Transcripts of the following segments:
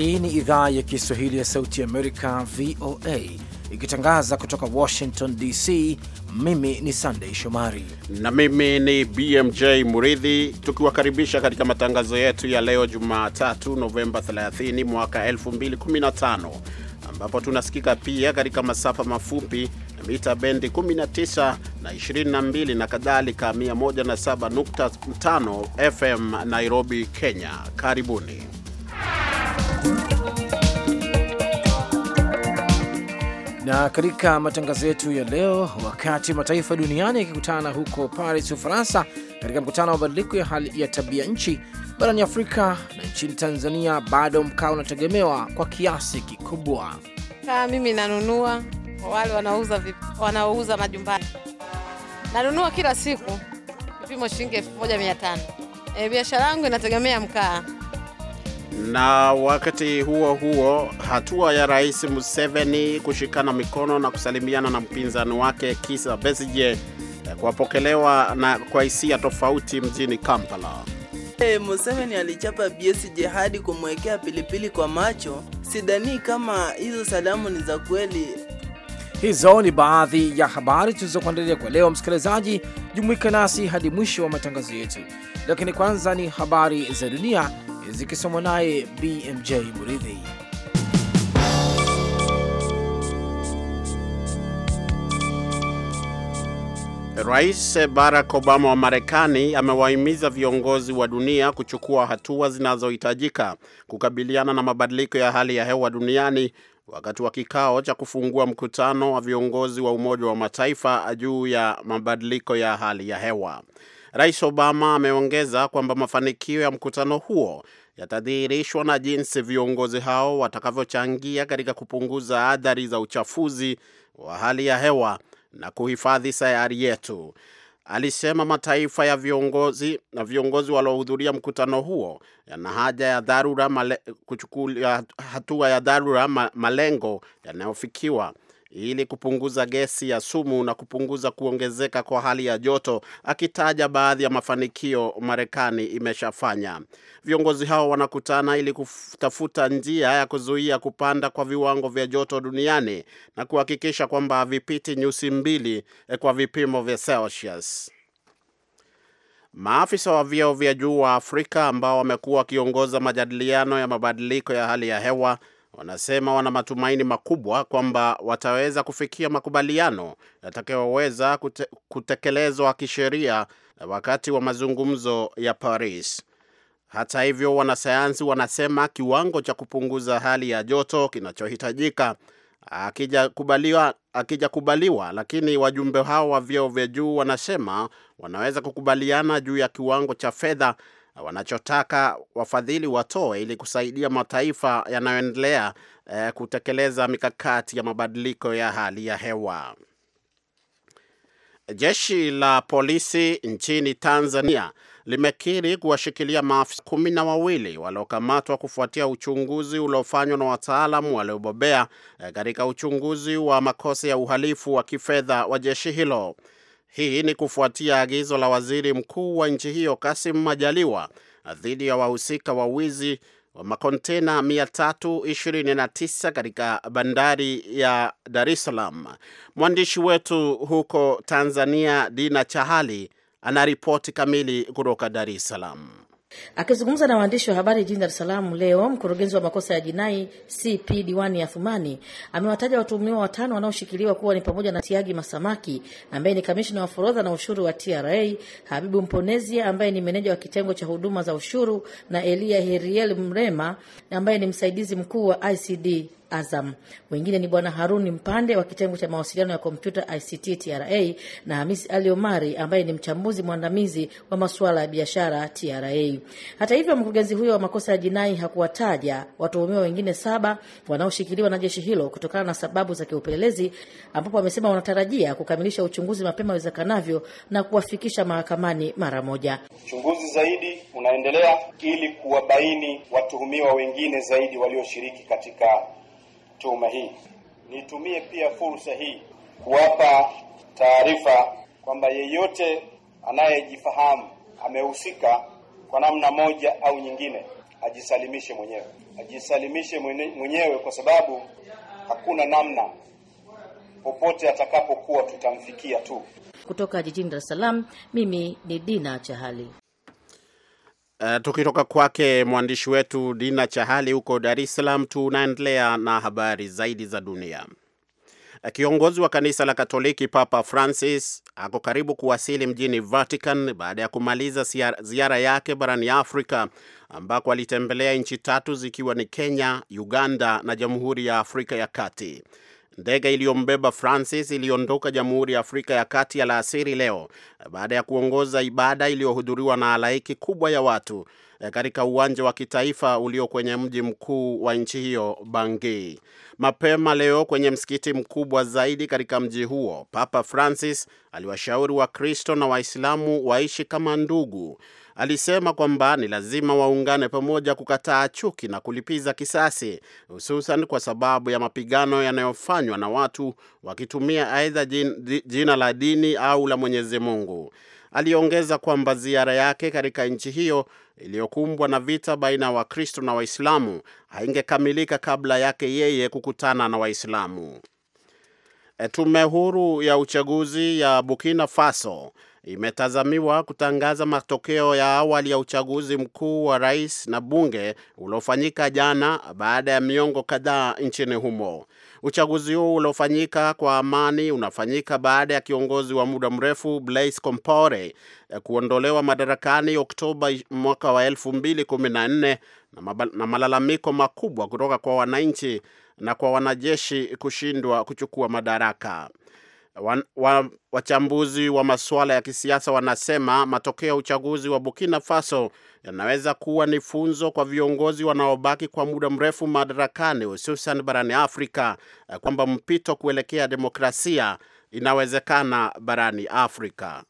Hii ni idhaa ya Kiswahili ya Sauti Amerika, VOA, ikitangaza kutoka Washington DC. Mimi ni Sandei Shomari na mimi ni BMJ Muridhi, tukiwakaribisha katika matangazo yetu ya leo Jumatatu Novemba 30 mwaka 2015 ambapo tunasikika pia katika masafa mafupi mita bendi 19 na 22 na kadhalika 107.5 FM Nairobi, Kenya. Karibuni. Na katika matangazo yetu ya leo, wakati mataifa duniani yakikutana huko Paris, Ufaransa, katika mkutano wa mabadiliko ya hali ya tabia nchi barani Afrika na nchini Tanzania, bado mkaa unategemewa kwa kiasi kikubwa. Mimi nanunua, wale wanauza wanauza majumbani nanunua kila siku, kipimo shilingi elfu moja mia tano. E, biashara yangu inategemea mkaa. Na wakati huo huo, hatua ya Rais Museveni kushikana mikono na kusalimiana na mpinzani wake Kizza Besigye eh, kuwapokelewa na kwa hisia tofauti mjini Kampala. Hey, eh, Museveni alichapa Besigye hadi kumwekea pilipili kwa macho. Sidhani kama hizo salamu ni za kweli. Hizo ni baadhi ya habari tulizokuandalia kwa leo. Msikilizaji, jumuika nasi hadi mwisho wa matangazo yetu, lakini kwanza ni habari za dunia zikisomwa naye BMJ Muridhi. Rais Barack Obama wa Marekani amewahimiza viongozi wa dunia kuchukua hatua zinazohitajika kukabiliana na mabadiliko ya hali ya hewa duniani wakati wa kikao cha kufungua mkutano wa viongozi wa Umoja wa Mataifa juu ya mabadiliko ya hali ya hewa. Rais Obama ameongeza kwamba mafanikio ya mkutano huo yatadhihirishwa na jinsi viongozi hao watakavyochangia katika kupunguza athari za uchafuzi wa hali ya hewa na kuhifadhi sayari yetu. Alisema mataifa ya viongozi na viongozi waliohudhuria mkutano huo yana haja ya dharura kuchukulia hatua ya dharura malengo yanayofikiwa ili kupunguza gesi ya sumu na kupunguza kuongezeka kwa hali ya joto, akitaja baadhi ya mafanikio Marekani imeshafanya. Viongozi hao wanakutana ili kutafuta njia ya kuzuia kupanda kwa viwango vya joto duniani na kuhakikisha kwamba havipiti nyuzi mbili eh, kwa vipimo vya Celsius. Maafisa wa vyeo vya juu wa Afrika ambao wamekuwa wakiongoza majadiliano ya mabadiliko ya hali ya hewa wanasema wana matumaini makubwa kwamba wataweza kufikia makubaliano yatakayoweza kute, kutekelezwa kisheria wakati wa mazungumzo ya Paris. Hata hivyo, wanasayansi wanasema kiwango cha kupunguza hali ya joto kinachohitajika akijakubaliwa akijakubaliwa, lakini wajumbe hao wa vyeo vya juu wanasema wanaweza kukubaliana juu ya kiwango cha fedha wanachotaka wafadhili watoe ili kusaidia mataifa yanayoendelea eh, kutekeleza mikakati ya mabadiliko ya hali ya hewa. Jeshi la polisi nchini Tanzania limekiri kuwashikilia maafisa kumi na wawili waliokamatwa kufuatia uchunguzi uliofanywa na wataalamu waliobobea eh, katika uchunguzi wa makosa ya uhalifu wa kifedha wa jeshi hilo. Hii ni kufuatia agizo la waziri mkuu wa nchi hiyo Kasim Majaliwa dhidi ya wahusika wa wizi wa makontena 329 katika bandari ya Dar es Salaam. Mwandishi wetu huko Tanzania, Dina Chahali, anaripoti kamili kutoka Dar es Salaam. Akizungumza na waandishi wa habari jijini Dar es Salaam leo, mkurugenzi wa makosa ya jinai CP Diwani Athumani amewataja watuhumiwa watano wanaoshikiliwa kuwa ni pamoja na Tiagi Masamaki ambaye ni kamishna wa forodha na ushuru wa TRA, Habibu Mponezia ambaye ni meneja wa kitengo cha huduma za ushuru na Elia Heriel Mrema ambaye ni msaidizi mkuu wa ICD Azam. Wengine ni Bwana Haruni Mpande wa kitengo cha mawasiliano ya kompyuta ICT TRA na Hamisi Ali Omari ambaye ni mchambuzi mwandamizi wa masuala ya biashara TRA. Hata hivyo, mkurugenzi huyo wa makosa ya jinai hakuwataja watuhumiwa wengine saba wanaoshikiliwa na jeshi hilo kutokana na sababu za kiupelelezi, ambapo wamesema wanatarajia kukamilisha uchunguzi mapema iwezekanavyo na kuwafikisha mahakamani mara moja. Uchunguzi zaidi unaendelea ili kuwabaini watuhumiwa wengine zaidi walioshiriki katika tuhuma hii. Nitumie pia fursa hii kuwapa taarifa kwamba yeyote anayejifahamu amehusika kwa namna moja au nyingine ajisalimishe mwenyewe, ajisalimishe mwenyewe, kwa sababu hakuna namna popote atakapokuwa tutamfikia tu. Kutoka jijini Dar es Salaam, mimi ni Dina Chahali. Uh, tukitoka kwake mwandishi wetu Dina Chahali huko Dar es Salaam, tunaendelea na habari zaidi za dunia. Eh, kiongozi wa kanisa la Katoliki Papa Francis ako karibu kuwasili mjini Vatican baada ya kumaliza ziara yake barani Afrika ambako alitembelea nchi tatu zikiwa ni Kenya, Uganda na Jamhuri ya Afrika ya Kati. Ndege iliyombeba Francis iliondoka Jamhuri ya Afrika ya Kati alasiri leo baada ya kuongoza ibada iliyohudhuriwa na halaiki kubwa ya watu eh, katika uwanja wa kitaifa ulio kwenye mji mkuu wa nchi hiyo Bangui. Mapema leo kwenye msikiti mkubwa zaidi katika mji huo, Papa Francis aliwashauri Wakristo na Waislamu waishi kama ndugu alisema kwamba ni lazima waungane pamoja kukataa chuki na kulipiza kisasi, hususan kwa sababu ya mapigano yanayofanywa na watu wakitumia aidha jina la dini au la Mwenyezi Mungu. Aliongeza kwamba ziara yake katika nchi hiyo iliyokumbwa na vita baina ya Wakristo na Waislamu haingekamilika kabla yake yeye kukutana na Waislamu. E, tume huru ya uchaguzi ya Burkina Faso imetazamiwa kutangaza matokeo ya awali ya uchaguzi mkuu wa rais na bunge uliofanyika jana baada ya miongo kadhaa nchini humo. Uchaguzi huu uliofanyika kwa amani unafanyika baada ya kiongozi wa muda mrefu Blaise Compaore e, kuondolewa madarakani Oktoba mwaka wa 2014 na malalamiko makubwa kutoka kwa wananchi na kwa wanajeshi kushindwa kuchukua madaraka. Wan, wa, wachambuzi wa masuala ya kisiasa wanasema matokeo ya uchaguzi wa Burkina Faso yanaweza kuwa ni funzo kwa viongozi wanaobaki kwa muda mrefu madarakani, hususan barani Afrika, kwamba mpito kuelekea demokrasia inawezekana barani Afrika.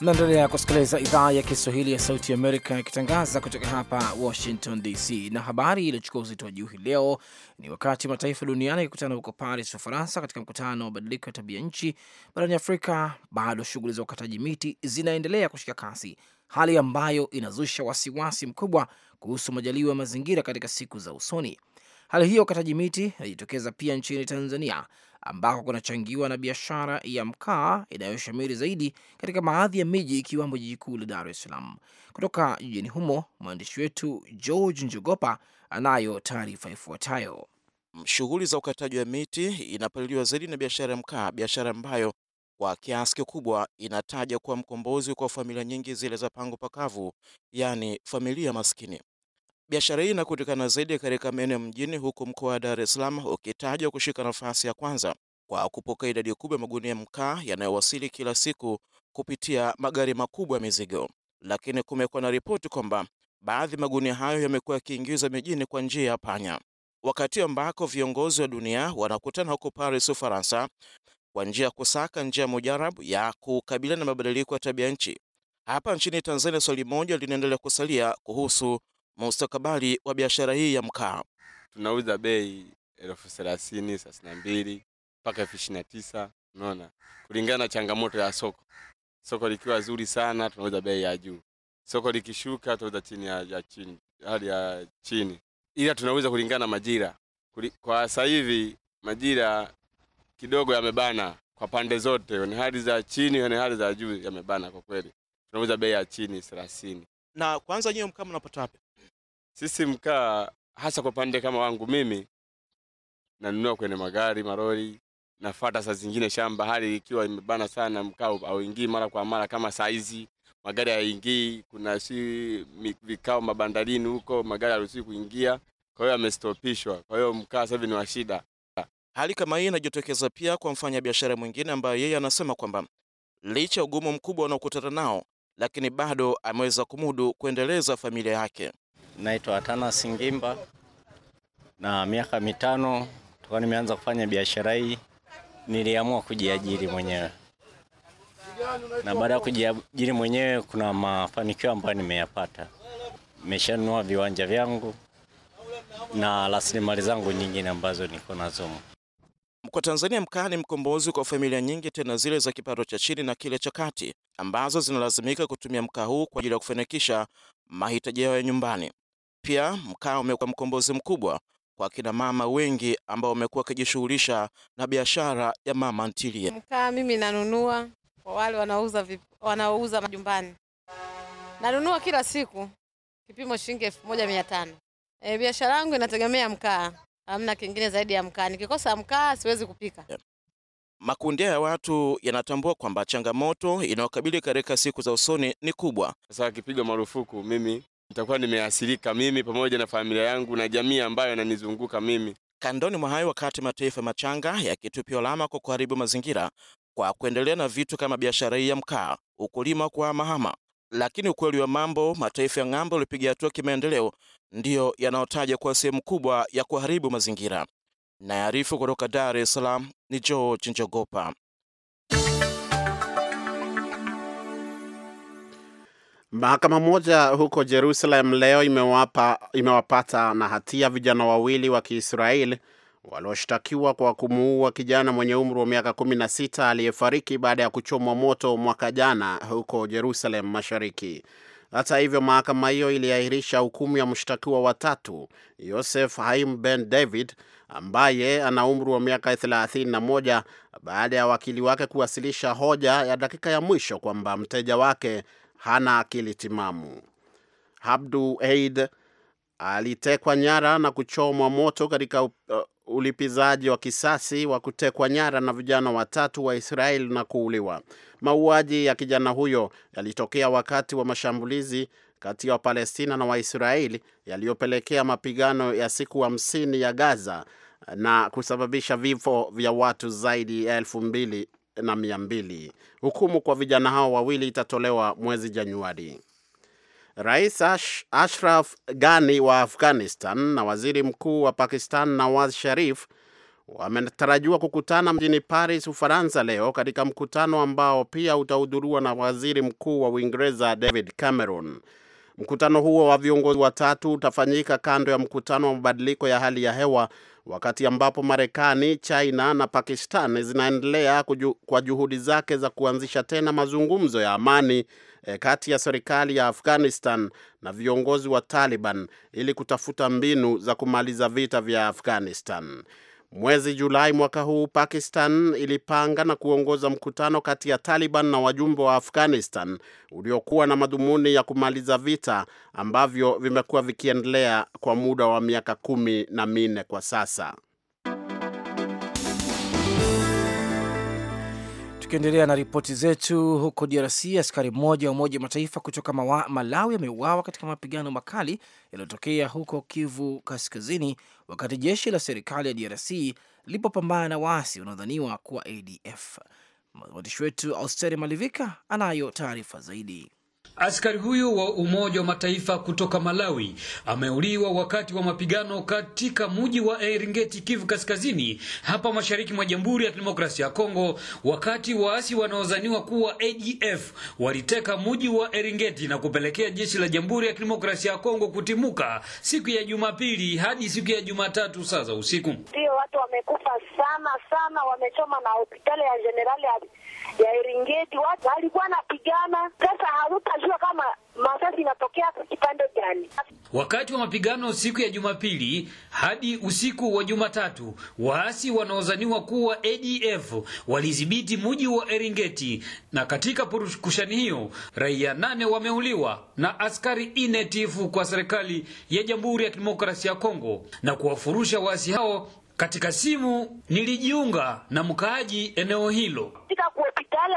naendelea kusikiliza idhaa ya Kiswahili ya Sauti Amerika ikitangaza kutoka hapa Washington DC, na habari iliyochukua uzito wa juu hii leo ni wakati mataifa duniani yakikutana huko Paris, Ufaransa, katika mkutano wa mabadiliko ya tabia nchi. Barani Afrika bado shughuli za ukataji miti zinaendelea kushika kasi, hali ambayo inazusha wasiwasi mkubwa kuhusu majaliwa ya mazingira katika siku za usoni. Hali hiyo ukataji miti inajitokeza pia nchini Tanzania ambako kunachangiwa na biashara ya mkaa inayoshamiri zaidi katika baadhi ya miji ikiwamo jiji kuu la Dar es Salaam. Kutoka jijini humo, mwandishi wetu George Njogopa anayo taarifa ifuatayo. Shughuli za ukataji wa miti inapaliliwa zaidi na biashara ya mkaa, biashara ambayo kwa kiasi kikubwa inataja kuwa mkombozi kwa familia nyingi zile za pango pakavu, yaani familia maskini. Biashara hii inakutikana zaidi katika maeneo mjini, huku mkoa wa Dar es Salaam ukitajwa kushika nafasi ya kwanza kwa kupokea idadi kubwa ya magunia mkaa yanayowasili kila siku kupitia magari makubwa ya mizigo. Lakini kumekuwa na ripoti kwamba baadhi magunia hayo yamekuwa yakiingiza mijini kwa njia ya panya, wakati ambako viongozi wa dunia wanakutana huko Paris, Ufaransa, kwa njia ya kusaka njia mujarabu ya kukabiliana na mabadiliko ya tabia nchi. Hapa nchini Tanzania, swali moja linaendelea kusalia kuhusu mustakabali wa biashara hii ya mkaa. Tunauza bei elfu thelathini thelathini na mbili mpaka elfu ishirini na tisa unaona, kulingana na changamoto ya soko. Soko likiwa zuri sana tunauza bei ya juu, soko likishuka tunauza chini ya, ya chini hali ya chini, ila tunauza kulingana na majira. Kwa sasa hivi majira kidogo yamebana kwa pande zote, ni yaani hali za chini, ni yaani hali za juu yamebana kwa kweli. Tunauza bei ya chini thelathini. Na kwanza nyinyi mkaa mnapata wapi? Sisi mkaa hasa kwa pande kama wangu mimi nanunua kwenye magari maroli, nafata saa zingine shamba, hali ikiwa imebana sana, mkaa auingii mara kwa mara kama saizi, magari hayaingii. Kuna si vikao mabandarini huko, magari haruhusiwi kuingia, kwa hiyo amestopishwa. Kwa hiyo mkaa sasa ni wa shida. Hali kama hii inajitokeza pia kwa mfanya biashara mwingine ambaye yeye anasema kwamba licha ugumu mkubwa unaokutana nao, lakini bado ameweza kumudu kuendeleza familia yake. Naitwa Atana Singimba na miaka mitano toka nimeanza kufanya biashara hii niliamua kujiajiri mwenyewe, na baada ya kujiajiri mwenyewe kuna mafanikio ambayo nimeyapata. Nimeshanunua viwanja vyangu na rasilimali zangu nyingine ambazo niko nazo. Kwa Tanzania, mkaa ni mkombozi kwa familia nyingi, tena zile za kipato cha chini na kile cha kati ambazo zinalazimika kutumia mkaa huu kwa ajili ya kufanikisha mahitaji yao ya nyumbani. Pia mkaa umekuwa mkombozi mkubwa kwa kina mama wengi ambao wamekuwa wakijishughulisha na biashara ya mama ntilie. Mkaa mimi nanunua kwa wale wanauza vip, wanaouza majumbani, nanunua kila siku kipimo shilingi elfu moja mia tano. E, biashara yangu inategemea mkaa, hamna kingine zaidi ya mkaa. Nikikosa mkaa siwezi kupika yeah. Makundi ya watu yanatambua kwamba changamoto inayokabili katika siku za usoni ni kubwa. Sasa akipiga marufuku, mimi nitakuwa nimeathirika mimi pamoja na familia yangu na jamii ambayo inanizunguka mimi. Kandoni mwa hayo, wakati mataifa machanga yakitupia alama kwa kuharibu mazingira kwa kuendelea na vitu kama biashara hii ya mkaa, ukulima kwa mahama, lakini ukweli wa mambo, mataifa ya ng'ambo yalipiga hatua kimaendeleo ndiyo yanayotaja kwa sehemu kubwa ya kuharibu mazingira. Naarifu kutoka Dar es Salaam ni George Njogopa. Mahakama moja huko Jerusalem leo imewapa, imewapata na hatia vijana wawili wa Kiisraeli walioshtakiwa kwa kumuua kijana mwenye umri wa miaka 16 aliyefariki baada ya kuchomwa moto mwaka jana huko Jerusalem Mashariki. Hata hivyo, mahakama hiyo iliahirisha hukumu ya mshtakiwa watatu Yosef Haim Ben David ambaye ana umri wa miaka 31 baada ya wakili wake kuwasilisha hoja ya dakika ya mwisho kwamba mteja wake hana akili timamu. Abdu Eid alitekwa nyara na kuchomwa moto katika uh, ulipizaji wa kisasi wa kutekwa nyara na vijana watatu wa Israel na kuuliwa. Mauaji ya kijana huyo yalitokea wakati wa mashambulizi kati ya Wapalestina na Waisraeli yaliyopelekea mapigano ya siku hamsini ya Gaza na kusababisha vifo vya watu zaidi ya elfu mbili na mia mbili. Hukumu kwa vijana hao wawili itatolewa mwezi Januari. Rais Ashraf Ghani wa Afghanistan na waziri mkuu wa Pakistan Nawaz Sharif wametarajiwa kukutana mjini Paris, Ufaransa leo katika mkutano ambao pia utahudhuriwa na waziri mkuu wa Uingereza David Cameron. Mkutano huo wa viongozi watatu utafanyika kando ya mkutano wa mabadiliko ya hali ya hewa, wakati ambapo Marekani, China na Pakistan zinaendelea kuju, kwa juhudi zake za kuanzisha tena mazungumzo ya amani e, kati ya serikali ya Afghanistan na viongozi wa Taliban ili kutafuta mbinu za kumaliza vita vya Afghanistan. Mwezi Julai mwaka huu Pakistan ilipanga na kuongoza mkutano kati ya Taliban na wajumbe wa Afghanistan uliokuwa na madhumuni ya kumaliza vita ambavyo vimekuwa vikiendelea kwa muda wa miaka kumi na minne kwa sasa. Tukiendelea na ripoti zetu huko DRC, askari mmoja wa Umoja Mataifa kutoka Malawi ameuawa katika mapigano makali yaliyotokea huko Kivu Kaskazini, wakati jeshi la serikali ya DRC lilipopambana na waasi wanaodhaniwa kuwa ADF. Mwandishi wetu Austeri Malivika anayo taarifa zaidi. Askari huyo wa Umoja wa Mataifa kutoka Malawi ameuliwa wakati wa mapigano katika mji wa Eringeti, Kivu Kaskazini, hapa mashariki mwa Jamhuri ya Kidemokrasia ya Kongo, wakati waasi wanaozaniwa kuwa ADF waliteka mji wa Eringeti na kupelekea jeshi la Jamhuri ya Kidemokrasia ya Kongo kutimuka siku ya Jumapili hadi siku ya Jumatatu saa za usiku. Ndio watu wamekufa sana sana, wamechoma na hospitali ya jenerali ya Eringeti, watu alikuwa na Wakati wa mapigano siku ya Jumapili hadi usiku wa Jumatatu, waasi wanaozaniwa kuwa ADF walidhibiti mji wa Eringeti, na katika purukushani hiyo raia nane wameuliwa na askari inetifu kwa serikali ya Jamhuri ya Kidemokrasia ya Kongo na kuwafurusha waasi hao katika simu nilijiunga na mkaaji eneo hilo katika hospitali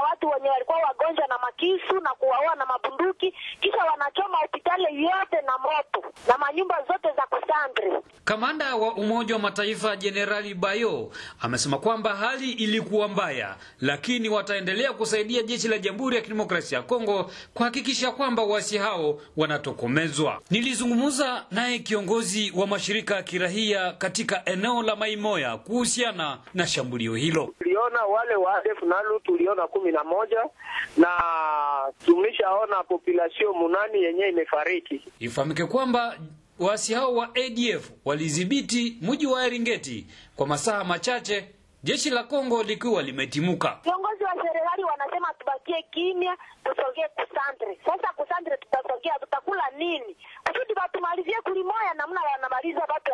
watu wenye walikuwa wagonjwa na makisu na kuwaua na mabunduki, kisha wanachoma hospitali yote na moto na manyumba zote za kusandri. Kamanda wa Umoja wa Mataifa Jenerali Bayo amesema kwamba hali ilikuwa mbaya, lakini wataendelea kusaidia jeshi la Jamhuri ya Kidemokrasia ya Kongo kuhakikisha kwamba waasi hao wanatokomezwa. Nilizungumza naye kiongozi wa mashirika ya kirahia katika eneo la Maimoya kuhusiana na shambulio hilo tumeona wale wa ADF funalu tuliona kumi na moja na tumeshaona population munani yenye imefariki. Ifahamike kwamba waasi hao wa ADF walidhibiti mji wa Eringeti kwa masaa machache, jeshi la Kongo likiwa limetimuka. Viongozi wa serikali wanasema tubakie kimya, tusogee kusandre. Sasa kusandre tutasogea, tutakula nini kusudi watumalizie kulimoya namna wanamaliza watu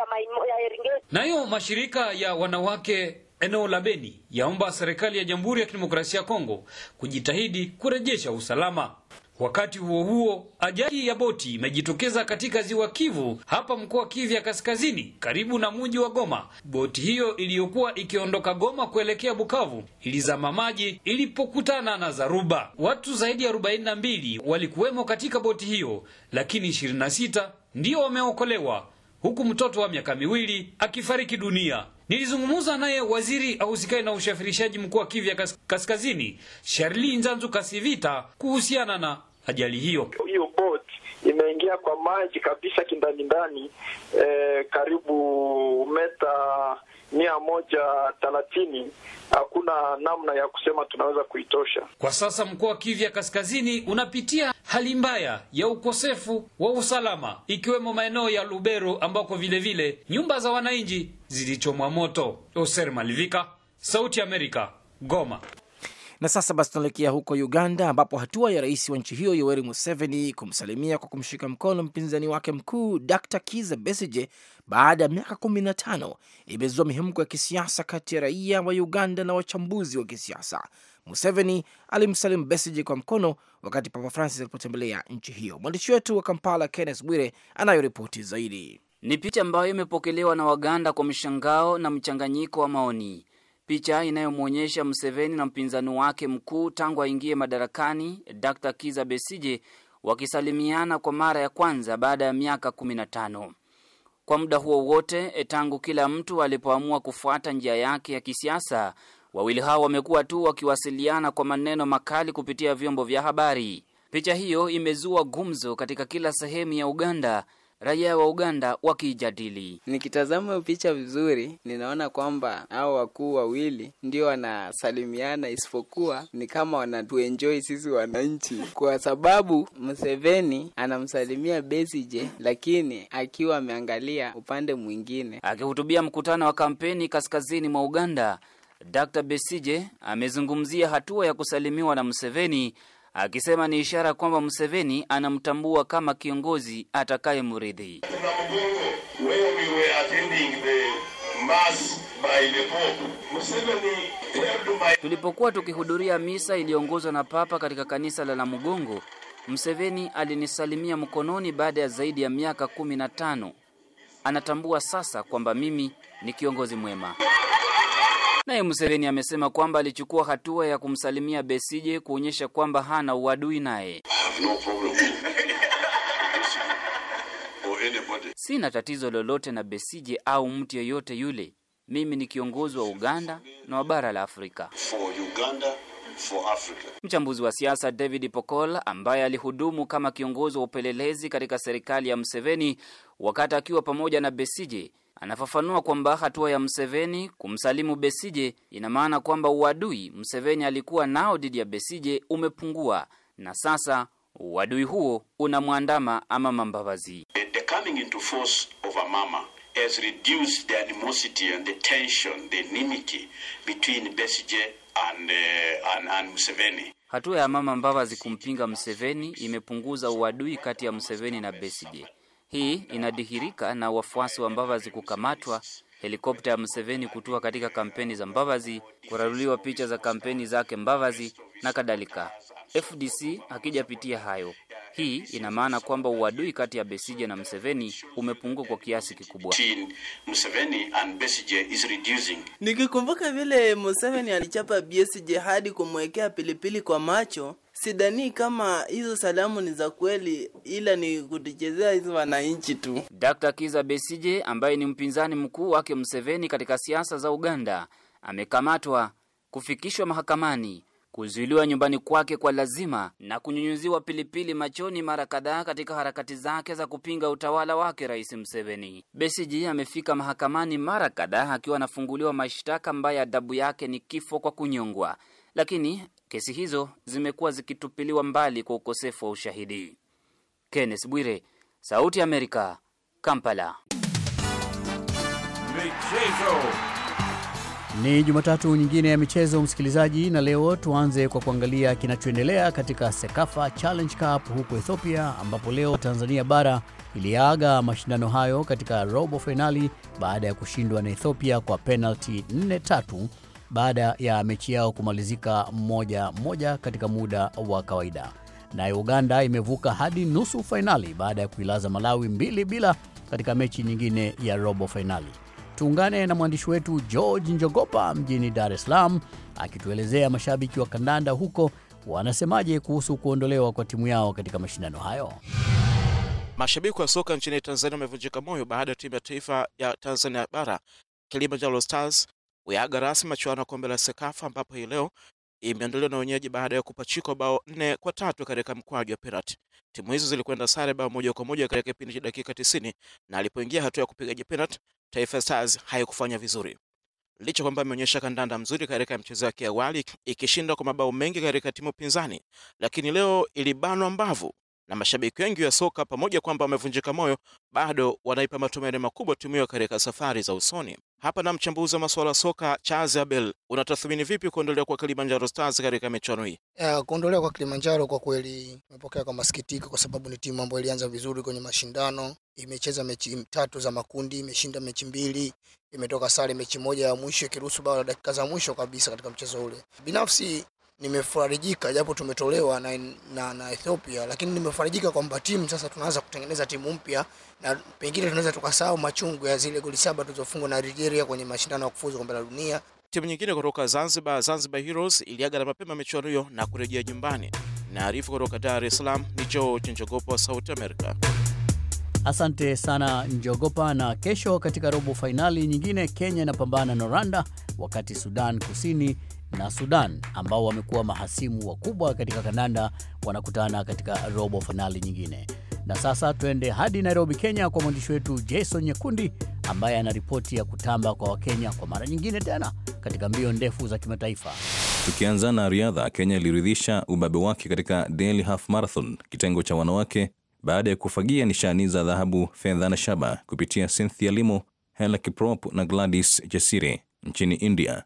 ya Eringeti. Nayo mashirika ya wanawake Eneo la Beni yaomba serikali ya Jamhuri ya Kidemokrasia ya Kongo kujitahidi kurejesha usalama. Wakati huo huo, ajali ya boti imejitokeza katika ziwa Kivu hapa mkoa wa Kivu ya Kaskazini karibu na mji wa Goma. Boti hiyo iliyokuwa ikiondoka Goma kuelekea Bukavu ilizama maji ilipokutana na zaruba. Watu zaidi ya 42 walikuwemo katika boti hiyo, lakini 26 ndio wameokolewa huku mtoto wa miaka miwili akifariki dunia. Nilizungumza naye waziri ahusikani na ushafirishaji mkuu wa Kivu ya Kaskazini, Sharli Nzanzu Kasivita, kuhusiana na ajali hiyo. Hiyo boat imeingia kwa maji kabisa kindani ndani, eh, karibu meta mia moja thelathini hakuna namna ya kusema tunaweza kuitosha kwa sasa. Mkoa wa Kivu ya Kaskazini unapitia hali mbaya ya ukosefu wa usalama, ikiwemo maeneo ya Lubero ambako vilevile vile nyumba za wananchi zilichomwa moto. Oser Malivika, Sauti ya Amerika, Goma. Na sasa basi tunaelekea huko Uganda, ambapo hatua ya rais wa nchi hiyo Yoweri Museveni kumsalimia kwa kumshika mkono mpinzani wake mkuu Dr Kiza Besige baada ya miaka kumi na tano imezua mihemko ya kisiasa kati ya raia wa Uganda na wachambuzi wa kisiasa. Museveni alimsalimu Besige kwa mkono wakati Papa Francis alipotembelea nchi hiyo. Mwandishi wetu wa Kampala Kenneth Bwire anayoripoti zaidi. Ni picha ambayo imepokelewa na Waganda kwa mshangao na mchanganyiko wa maoni. Picha inayomwonyesha mseveni na mpinzani wake mkuu tangu aingie madarakani Dr. Kiza Besije wakisalimiana kwa mara ya kwanza baada ya miaka 15. Kwa muda huo wote eh, tangu kila mtu alipoamua kufuata njia yake ya kisiasa, wawili hao wamekuwa tu wakiwasiliana kwa maneno makali kupitia vyombo vya habari. Picha hiyo imezua gumzo katika kila sehemu ya Uganda raia wa Uganda wakijadili. Nikitazama picha vizuri, ninaona kwamba hao wakuu wawili ndio wanasalimiana, isipokuwa ni kama wanatuenjoi sisi wananchi, kwa sababu Museveni anamsalimia besije lakini akiwa ameangalia upande mwingine. Akihutubia mkutano wa kampeni kaskazini mwa Uganda, Dr. besije amezungumzia hatua ya kusalimiwa na Museveni akisema ni ishara kwamba Museveni anamtambua kama kiongozi atakayemridhi. Tulipokuwa tukihudhuria misa iliyoongozwa na Papa katika kanisa la Namugongo, Museveni alinisalimia mkononi baada ya zaidi ya miaka kumi na tano. Anatambua sasa kwamba mimi ni kiongozi mwema. Naye Museveni amesema kwamba alichukua hatua ya kumsalimia Besije kuonyesha kwamba hana uadui naye. Sina tatizo lolote na Besije au mtu yeyote yule. Mimi ni kiongozi wa Uganda na wa bara la Afrika. For Uganda, for Africa. Mchambuzi wa siasa David Pokol ambaye alihudumu kama kiongozi wa upelelezi katika serikali ya Museveni wakati akiwa pamoja na Besije Anafafanua kwamba hatua ya Mseveni kumsalimu Besije ina maana kwamba uadui Mseveni alikuwa nao dhidi ya Besije umepungua na sasa uadui huo unamwandama ama Mambavazi. The coming into force of Amama has reduced the animosity and the tension, the enmity between Besije and, uh, and, and Museveni. Hatua ya Mama mbavazi kumpinga Mseveni imepunguza uadui kati ya Mseveni na Besije. Hii inadhihirika na wafuasi wa Mbavazi kukamatwa, helikopta ya Museveni kutua katika kampeni za Mbavazi, kuraruliwa picha za kampeni zake Mbavazi na kadhalika. FDC hakijapitia hayo. Hii ina maana kwamba uadui kati ya Besije na mseveni umepungua kwa kiasi kikubwa. Nikikumbuka vile Museveni alichapa Besije hadi kumwekea pilipili kwa macho, sidani kama hizo salamu ni za kweli, ila ni kutuchezea hizo wananchi tu. Dr. Kiza Besije ambaye ni mpinzani mkuu wake Museveni katika siasa za Uganda amekamatwa, kufikishwa mahakamani, kuzuiliwa nyumbani kwake kwa lazima na kunyunyuziwa pilipili machoni mara kadhaa katika harakati zake za kupinga utawala wake Rais Museveni. Besije amefika mahakamani mara kadhaa akiwa anafunguliwa mashtaka ambaye adabu yake ni kifo kwa kunyongwa, lakini kesi hizo zimekuwa zikitupiliwa mbali kwa ukosefu wa ushahidi. Kenneth Bwire, Sauti ya Amerika, Kampala. Michezo. Ni Jumatatu nyingine ya michezo msikilizaji, na leo tuanze kwa kuangalia kinachoendelea katika Sekafa Challenge Cup huko Ethiopia, ambapo leo Tanzania bara iliaga mashindano hayo katika robo fainali baada ya kushindwa na Ethiopia kwa penalti 4-3 baada ya mechi yao kumalizika moja moja katika muda wa kawaida. naye Uganda imevuka hadi nusu fainali baada ya kuilaza Malawi mbili bila katika mechi nyingine ya robo fainali. Tuungane na mwandishi wetu George Njogopa mjini Dar es Salaam akituelezea mashabiki wa kandanda huko wanasemaje kuhusu kuondolewa kwa timu yao katika mashindano hayo. Mashabiki wa soka nchini Tanzania wamevunjika moyo baada ya timu ya taifa ya Tanzania bara Kilimanjaro Stars huyaaga rasmi machuano ya kombe la Sekafa ambapo hii leo imeendelea na wenyeji baada ya kupachikwa bao nne kwa tatu katika mkwaju wa penalti. Timu hizo zilikwenda sare bao moja kwa moja katika kipindi cha dakika tisini na alipoingia hatua ya kupigaji penalti, Taifa Stars haikufanya vizuri licha kwamba ameonyesha kandanda mzuri katika mchezo wake awali ikishinda kwa mabao mengi katika timu pinzani, lakini leo ilibanwa mbavu na mashabiki wengi wa soka pamoja kwamba wamevunjika moyo, bado wanaipa matumaini makubwa timu hiyo katika safari za usoni. Hapa na mchambuzi wa masuala ya soka Charles Abel, unatathmini vipi kuondolewa kwa Kilimanjaro Stars katika michuano hii? Yeah, kuondolewa kwa Kilimanjaro kwa kweli imepokea kwa masikitiko, kwa sababu ni timu ambayo ilianza vizuri kwenye mashindano, imecheza mechi tatu za makundi, imeshinda mechi mbili, imetoka sare mechi moja ya mwisho, ikiruhusu bao la dakika za mwisho kabisa katika mchezo ule. Binafsi nimefarijika japo tumetolewa na, na, na Ethiopia, lakini nimefarijika kwamba timu sasa tunaanza kutengeneza timu mpya, na pengine tunaweza tukasahau machungu ya zile goli saba tulizofungwa na Nigeria kwenye mashindano ya kufuzu kombe la dunia. Timu nyingine kutoka Zanzibar, Zanzibar Heroes iliaga na mapema michuano hiyo na kurejea nyumbani. Naarifu kutoka Dar es Salaam ni George Njogopa, South America. Asante sana Njogopa. Na kesho katika robo fainali nyingine, Kenya inapambana na Rwanda, wakati Sudan Kusini na Sudan ambao wamekuwa mahasimu wakubwa katika kandanda wanakutana katika robo fainali nyingine. Na sasa twende hadi Nairobi, Kenya, kwa mwandishi wetu Jason Nyekundi ambaye ana ripoti ya kutamba kwa Wakenya kwa mara nyingine tena katika mbio ndefu za kimataifa. Tukianza na riadha, Kenya iliridhisha ubabe wake katika Delhi Half Marathon kitengo cha wanawake baada ya kufagia nishani za dhahabu, fedha na shaba kupitia Cynthia Limo, Hela Kiprop na Gladys jesire nchini India.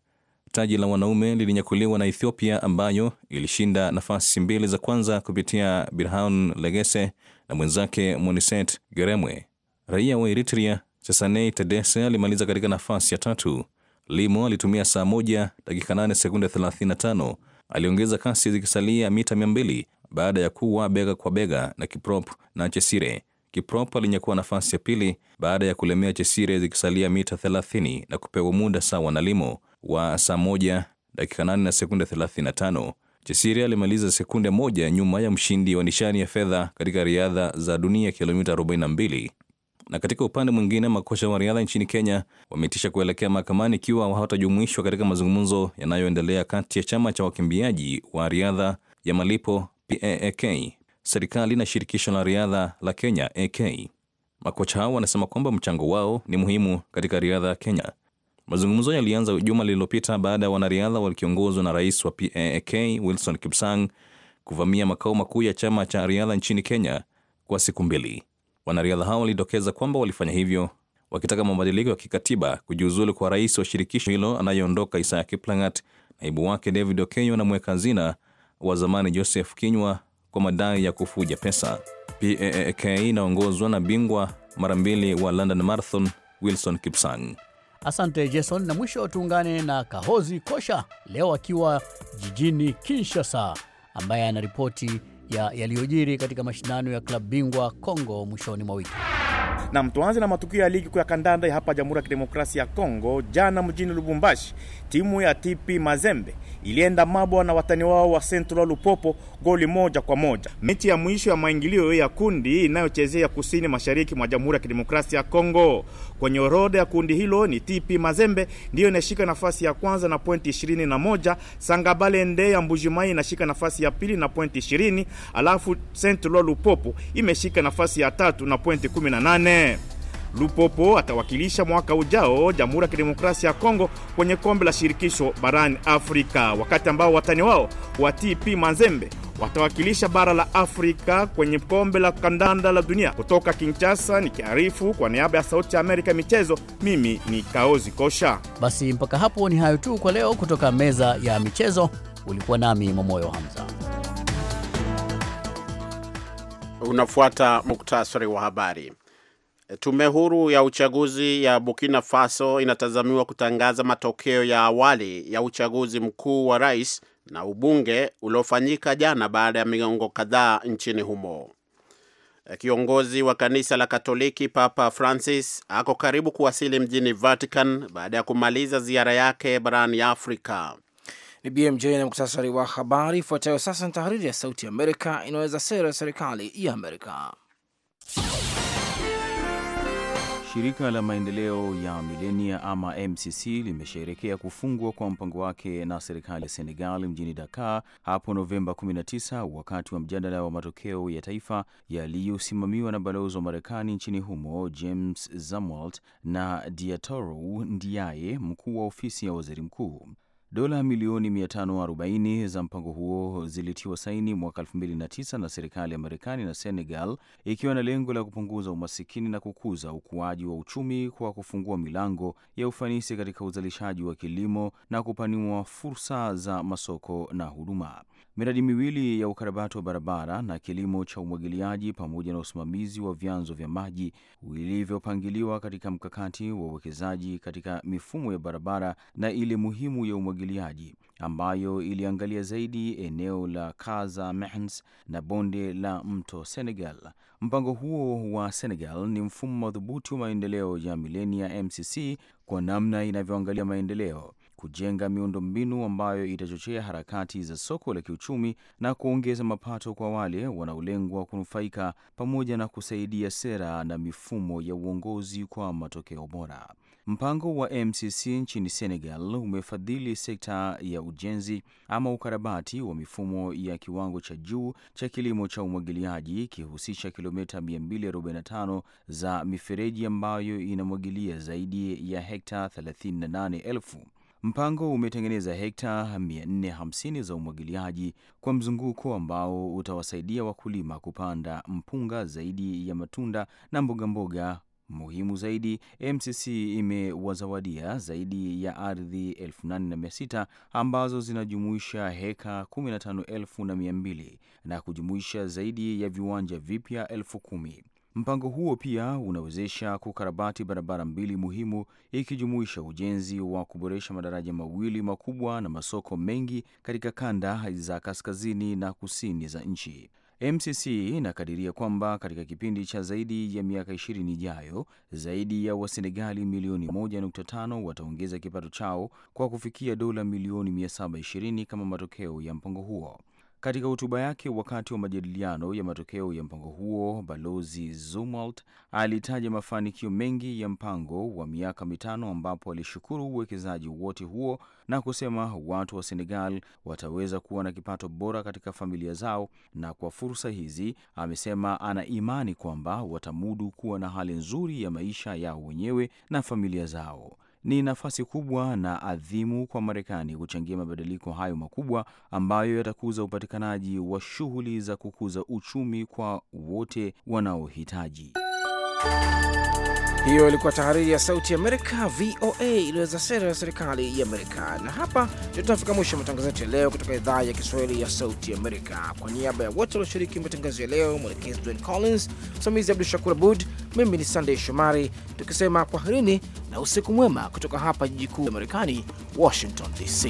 Taji la wanaume lilinyakuliwa na Ethiopia ambayo ilishinda nafasi mbili za kwanza kupitia Birhaun legese na mwenzake Moniset Geremwe. Raia wa Eritrea Sesanei Tedese alimaliza katika nafasi ya tatu. Limo alitumia saa moja dakika 8 sekunde 35. Aliongeza kasi zikisalia mita 200 baada ya kuwa bega kwa bega na Kiprop na Chesire. Kiprop alinyakua nafasi ya pili baada ya kulemea Chesire zikisalia mita 30 na kupewa muda sawa na Limo wa saa moja dakika nane na sekunde tano. Chesiria alimaliza sekunde moja nyuma ya mshindi wa nishani ya fedha katika riadha za dunia kilomita 42. Na katika upande mwingine, makocha wa riadha nchini Kenya wameitisha kuelekea mahakamani ikiwa hawatajumuishwa katika mazungumzo yanayoendelea kati ya chama cha wakimbiaji wa riadha ya malipo PAAK, serikali na shirikisho la riadha la Kenya AK. Makocha hao wanasema kwamba mchango wao ni muhimu katika riadha ya Kenya. Mazungumzo yalianza juma lililopita baada ya wanariadha wakiongozwa na rais wa PAAK Wilson Kipsang kuvamia makao makuu ya chama cha riadha nchini Kenya kwa siku mbili. Wanariadha hao walidokeza kwamba walifanya hivyo wakitaka mabadiliko ya kikatiba, kujiuzulu kwa rais wa shirikisho hilo anayeondoka Isaya Kiplangat, naibu wake David Okeyo na mweka hazina wa zamani Joseph kinywa kwa madai ya kufuja pesa. PAAK inaongozwa na bingwa mara mbili wa London Marathon Wilson Kipsang. Asante Jason, na mwisho tuungane na Kahozi Kosha leo akiwa jijini Kinshasa, ambaye ana ripoti ya yaliyojiri katika mashindano ya klabu bingwa Kongo mwishoni mwa wiki. Na mtuanze na matukio ya ligi kuu ya kandanda hapa Jamhuri ya Kidemokrasia ya Kongo. Jana mjini Lubumbashi, timu ya TP Mazembe ilienda mabwa na watani wao wa Central Lupopo goli moja kwa moja. Mechi ya mwisho ya maingilio ya kundi inayochezea kusini mashariki mwa Jamhuri ya Kidemokrasia ya Kongo. Kwenye orodha ya kundi hilo ni TP Mazembe ndiyo inashika nafasi ya kwanza na pointi 21, Sangabalende ya Mbujimai inashika nafasi ya pili na pointi 20, alafu Central Lupopo imeshika nafasi ya tatu na pointi 18 nne. Lupopo atawakilisha mwaka ujao Jamhuri ya Kidemokrasia ya Kongo kwenye kombe la shirikisho barani Afrika, wakati ambao watani wao wa TP Mazembe watawakilisha bara la Afrika kwenye kombe la kandanda la dunia. Kutoka Kinshasa kiarifu kwa niaba ya Sauti ya Amerika michezo, mimi ni Kaozi Kosha. Basi mpaka hapo ni hayo tu kwa leo, kutoka meza ya michezo. Ulikuwa nami Momoyo Hamza. Unafuata muktasari wa habari. Tume huru ya uchaguzi ya Burkina Faso inatazamiwa kutangaza matokeo ya awali ya uchaguzi mkuu wa rais na ubunge uliofanyika jana baada ya miongo kadhaa nchini humo. Kiongozi wa kanisa la Katoliki Papa Francis ako karibu kuwasili mjini Vatican baada ya kumaliza ziara yake barani Afrika. Ni BMJ na muktasari wa habari ifuatayo. Sasa ni tahariri ya Sauti Amerika inaweza sera ya serikali ya Amerika. Shirika la maendeleo ya milenia ama MCC limesherekea kufungwa kwa mpango wake na serikali ya Senegal mjini Dakar hapo Novemba 19 wakati wa mjadala wa matokeo ya taifa yaliyosimamiwa na balozi wa Marekani nchini humo James Zamwalt na Diatoro Ndiaye, mkuu wa ofisi ya waziri mkuu. Dola milioni 540 za mpango huo zilitiwa saini mwaka 2009 na serikali ya Marekani na Senegal, ikiwa na lengo la kupunguza umasikini na kukuza ukuaji wa uchumi kwa kufungua milango ya ufanisi katika uzalishaji wa kilimo na kupanua fursa za masoko na huduma. Miradi miwili ya ukarabati wa barabara na kilimo cha umwagiliaji pamoja na usimamizi wa vyanzo vya maji vilivyopangiliwa katika mkakati wa uwekezaji katika mifumo ya barabara na ile muhimu ya umwagiliaji ambayo iliangalia zaidi eneo la Kaza Mehns na bonde la mto Senegal. Mpango huo wa Senegal ni mfumo madhubuti wa maendeleo ya milenia MCC kwa namna inavyoangalia maendeleo kujenga miundombinu ambayo itachochea harakati za soko la kiuchumi na kuongeza mapato kwa wale wanaolengwa kunufaika, pamoja na kusaidia sera na mifumo ya uongozi kwa matokeo bora. Mpango wa MCC nchini Senegal umefadhili sekta ya ujenzi ama ukarabati wa mifumo ya kiwango cha juu cha kilimo cha umwagiliaji ikihusisha kilomita 245 za mifereji ambayo inamwagilia zaidi ya hekta 38,000. Mpango umetengeneza hekta 450 za umwagiliaji kwa mzunguko ambao utawasaidia wakulima kupanda mpunga zaidi ya matunda na mbogamboga mboga. Muhimu zaidi, MCC imewazawadia zaidi ya ardhi 8600 ambazo zinajumuisha heka 15200 na kujumuisha zaidi ya viwanja vipya kumi. Mpango huo pia unawezesha kukarabati barabara mbili muhimu ikijumuisha ujenzi wa kuboresha madaraja mawili makubwa na masoko mengi katika kanda za kaskazini na kusini za nchi. MCC inakadiria kwamba katika kipindi cha zaidi ya miaka 20 ijayo, zaidi ya Wasenegali milioni 1.5 wataongeza kipato chao kwa kufikia dola milioni 720 kama matokeo ya mpango huo. Katika hotuba yake wakati wa majadiliano ya matokeo ya mpango huo, Balozi Zumwalt alitaja mafanikio mengi ya mpango wa miaka mitano, ambapo alishukuru uwekezaji wote huo na kusema watu wa Senegal wataweza kuwa na kipato bora katika familia zao, na kwa fursa hizi, amesema ana imani kwamba watamudu kuwa na hali nzuri ya maisha yao wenyewe na familia zao. Ni nafasi kubwa na adhimu kwa Marekani kuchangia mabadiliko hayo makubwa ambayo yatakuza upatikanaji wa shughuli za kukuza uchumi kwa wote wanaohitaji. Hiyo ilikuwa tahariri ya Sauti ya Amerika, VOA, iliweza sera ya serikali ya Amerika. Na hapa ndio tunafika mwisho matangazo yetu ya leo kutoka idhaa ya Kiswahili ya Sauti Amerika. Kwa niaba ya wote walioshiriki matangazo ya leo, mwelekezi Dwayne Collins, msimamizi Abdu Shakur Abud, mimi ni Sandey Shomari, tukisema kwaherini na usiku mwema kutoka hapa jiji kuu la Marekani, Washington DC.